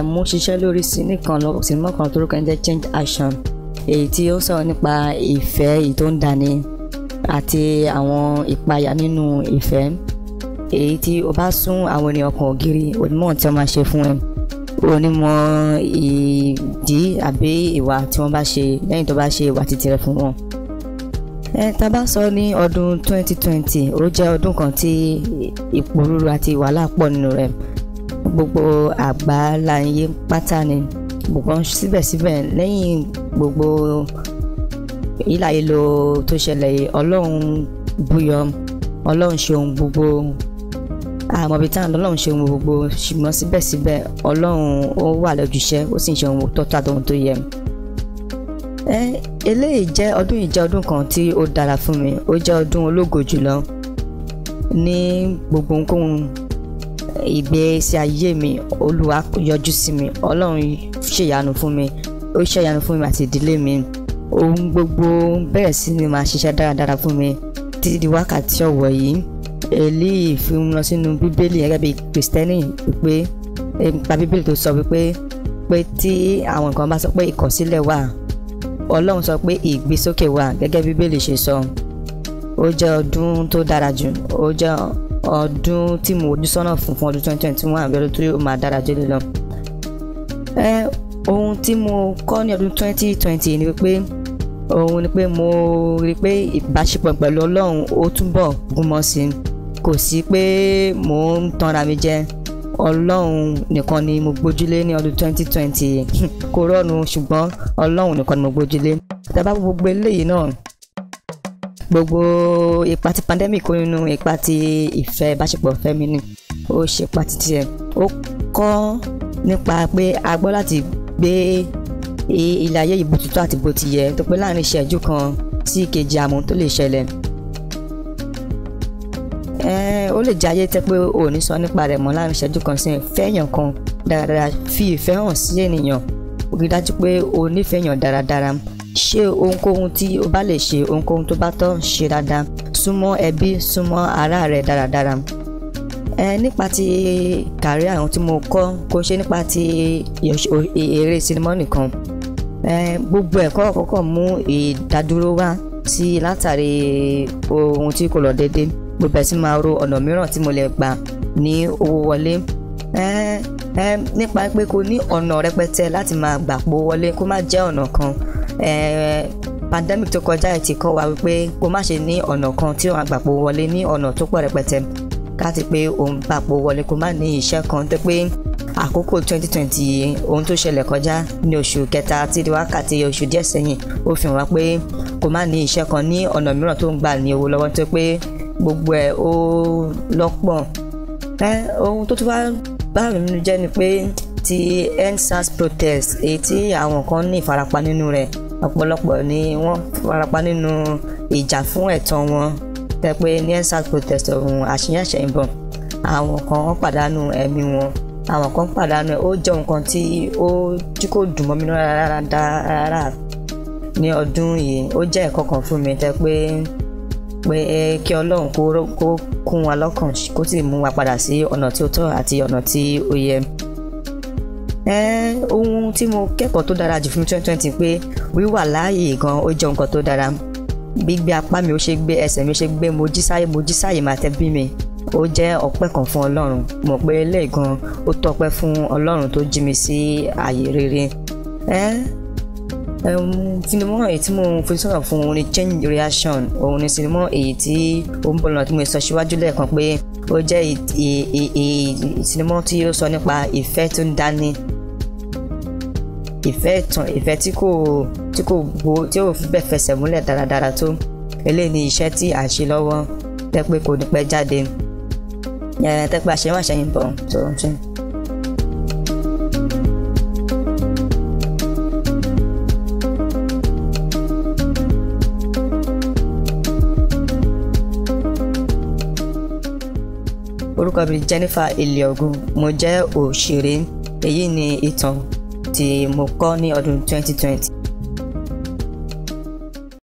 time mo ṣiṣẹ́ lórí sinmi kan lọ sinimá kan torúkọ ẹni jẹ́ change action èyí tí ó sọ̀rọ̀ nípa ìfẹ́ èyí tó ń dani àti àwọn ìpayà nínú ìfẹ́ èyí tí o bá sún àwọn ènìyàn kan ògiri onímọ̀ tí wọ́n máa ṣe fún ẹ onímọ̀ ìdí àbí ìwà tí wọ́n bá ṣe lẹ́yìn tó bá ṣe ìwà títí rẹ fún wọn. ẹ tá bá sọ ní ọdún 2020 ó jẹ́ ọdún kan tí ìpòrúru àti wàhálà pọ̀ nínú rẹ̀ gbogbo àgbáláyé pátá ni ṣùgbọ́n síbẹ̀síbẹ̀ lẹ́yìn gbogbo ìlàyèlò tó ṣẹlẹ̀ ọlọ́run buyọ ọlọ́run ṣeun gbogbo àmọ́bi táwọn ọlọ́run ṣeun gbogbo ṣùgbọ́n síbẹ̀síbẹ̀ ọlọ́run ó wà lójúṣẹ́ ó sì ń ṣeun tọ́tọ́ àtọ́hún tó yẹ. ẹ eléyìí jẹ́ ọdún yìí jẹ́ ọdún kan tí ó dára fún mi ó jẹ́ ọdún ológo jùlọ ní gbogbo ohunkóhun ìgbésí ayé mi olúwa yọjú sí mi ọlọ́run ṣèyanu fún mi ó ṣèyanu fún mi àti ìdílé mi ohun gbogbo bẹ̀rẹ̀ sí ni máa ṣiṣẹ́ dáradára fún mi títí di wákàtí ọ̀wọ̀ yìí eléyìí fi ń lọ sínú bíbélì gẹ́gẹ́ bí kìrìsìtẹ́nì wípé nípa bíbélì tó sọ wípé pé tí àwọn nǹkan bá sọ pé ìkọ̀sílẹ̀ wà ọlọ́run sọ pé ìgbésókè wà gẹ́gẹ́ bíbélì ṣe sọ ó jẹ́ ọdún tó dára jù ó jẹ́ ọdún tí mo wojú sọ́nà fún fún ọdún twenty twenty one àbẹ̀rẹ̀ tó yóò máa dára jẹ́ lílọ. ẹ ohun tí mo kọ́ ní ọdún twenty twenty ni pé ohun ni pé mo rí pé ìbáṣepọ̀ pẹ̀lú ọlọ́run ó túbọ̀ gúnmọ́ sí i kò sí pé mò ń tanra mi jẹ ọlọ́run nìkan ni mo gbójúlé ní ọdún twenty twenty kò rọrùn ṣùgbọ́n ọlọ́run nìkan ni mo gbójúlé tẹ́ bá gbogbo eléyìí náà gbogbo ipa tí pandemic kó nínú ipa tí ìfẹ́ ìbáṣepọ̀ fẹ́mi ni ó ṣe ipa títí ẹ̀ ó kọ́ nípa pé a gbọ́ láti gbé ilé ayé yìí bó ti tọ́ àti bó ti yẹ tó pé láàrin ìṣẹ́jú kan sí ìkejì àmọ́ tó lè ṣẹlẹ̀ ó lè jáyé tẹ́ pé ò ní sọ nípa rẹ̀ mọ́ láàrin ìṣẹ́jú kan sí fẹ́yàn kan dáradára fi ìfẹ́ hàn sí ènìyàn rí dájú pé o nífẹ̀ẹ́ yàn dáradára ṣe ohunkóhun tí o bá lè ṣe ohunkóhun tó bá tọ́ ṣe dáadáa súnmọ́ ẹbí súnmọ́ ará rẹ dáradára ẹ nípa ti kàrí àwọn tí mo kọ́ kò ṣe nípa ti eré sinimá nìkan ẹ gbogbo ẹ̀kọ́ kọ́kọ́ mú ìdádúró wá sí látàrí ohun tí kò lọ déédéé mo bẹ̀rẹ̀ sí máa ro ọ̀nà mìíràn tí mo lè gbà ní owó wọlé nípa pé kò ní ọ̀nà rẹpẹtẹ láti máa gbàpò wọlé kó má jẹ́ ọ̀nà kan pandemic tó kọjá ẹ̀ ti kọ́ wa wípé kó má ṣe ní ọ̀nà kan tí wọ́n àgbàpò wọlé ní ọ̀nà tó pọ̀ rẹpẹtẹ káti pé òun gbàpò wọlé kó má ní iṣẹ́ kan tó pé àkókò 2020 ohun tó ṣẹlẹ̀ kọjá ní oṣù kẹta àti di wákàtí oṣù díẹ̀ sẹ́yìn ó fi hàn wá pé kó má ní iṣẹ́ kan ní ọ̀nà mìíràn tó ń gbà ní owó lọ́wọ́ tó pé gbogbo ẹ̀ ó lọ́pọ̀ ohun tó tún wá báwo nínú jẹ́ ni pé ti endsars protest èyí tí àwọn kan ní ìfarapa nínú rẹ̀ ọ̀pọ̀lọpọ̀ ni wọ́n farapa nínú ìjà fún ẹ̀tọ́ wọn tẹ́ pé ní endsars protest ọ̀hún àṣeyànṣẹ́ ìbọn àwọn kan pàdánù ẹ̀mí wọn àwọn kan pàdánù ẹ ó jẹ́ nǹkan tí ó tí kò dùn mọ́ mi rárá rárá ní ọdún yìí ó jẹ́ ẹ̀kọ́ kan fún mi tẹ́ pé pé kí ọlọ́run kó kún wa lọ́kàn kó sì mú wa padà sí ọ̀nà tí ó tọ́ àti ọ̀nà tí ó yẹ. ohun tí mo kẹ́kọ̀ọ́ tó dára jù fún twenty twenty pé wíwà láàyè gan ó jẹ́ nǹkan tó dára gbígbé apá mi ó ṣe gbé ẹsẹ̀ mi ó ṣe gbé mo jí sáyé mo jí sáyé máa tẹ́ bí mi ó jẹ́ ọpẹ́ kan fún ọlọ́run mọ̀ pé eléyìí ó tọpẹ́ fún ọlọ́run tó jí mi sí àyè rere. Eh? Um, sinimá èyí tí mo fi sọ̀rọ̀ fún òun ni change reaction òun ni sinimá èyí tí ó ń bọ̀ lọ́nà tí mo sọ síwájú lẹ́ẹ̀kan pé ó jẹ́ sinimá tí ó sọ nípa ìfẹ́ tó ń dání ìfẹ́ tàn ìfẹ́ tí kò tí kò gbó tí ò fi bẹ́ẹ̀ fẹsẹ̀ múlẹ̀ dáradára tó eléyìí ni iṣẹ́ tí à ń ṣe lọ́wọ́ tẹ́ pé kò ní pẹ́ jáde tẹ́ pé àṣẹ máṣẹ́yìn bọ̀ tó ń tún. orúkọ mi Jennifer Eliogu mo jẹ́ òṣèré èyí ni ìtàn tí mo kọ́ ní ọdún 2020.